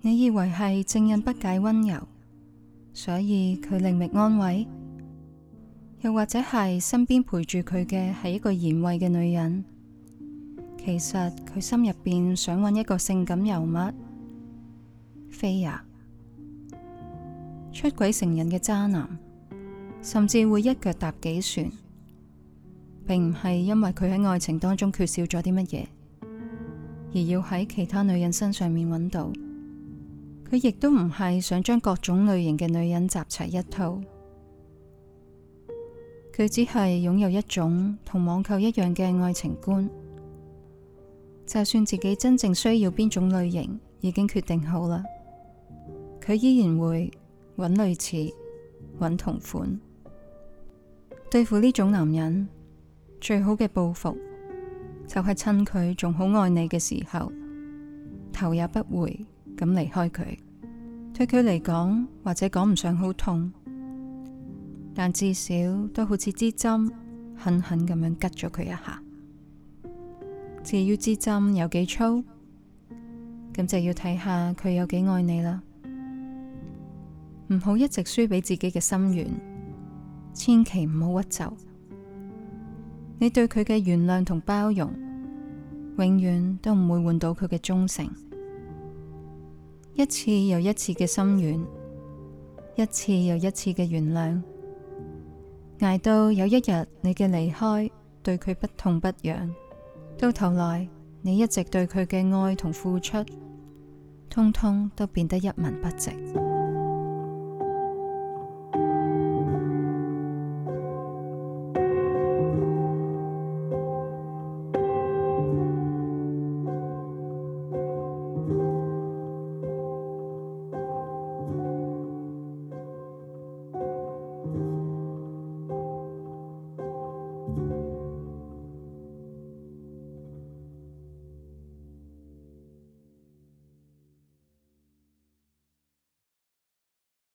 你以為係正印不解溫柔，所以佢另覓安慰，又或者係身邊陪住佢嘅係一個賢惠嘅女人。其實佢心入邊想揾一個性感尤物，非也、啊、出軌成癮嘅渣男，甚至會一腳踏幾船，並唔係因為佢喺愛情當中缺少咗啲乜嘢，而要喺其他女人身上面揾到。佢亦都唔係想將各種類型嘅女人集齊一套，佢只係擁有一種同網購一樣嘅愛情觀。就算自己真正需要邊種類型，已經決定好啦，佢依然會揾類似、揾同款。對付呢種男人，最好嘅報復就係趁佢仲好愛你嘅時候，頭也不回，咁離開佢，對佢嚟講或者講唔上好痛，但至少都好似支針狠狠咁樣拮咗佢一下。至於支針有幾粗，咁就要睇下佢有幾愛你啦。唔好一直輸俾自己嘅心軟，千祈唔好屈就。你對佢嘅原諒同包容，永遠都唔會換到佢嘅忠誠。一次又一次嘅心軟，一次又一次嘅原諒，捱到有一日你嘅離開，對佢不痛不癢，到頭來你一直對佢嘅愛同付出，通通都變得一文不值。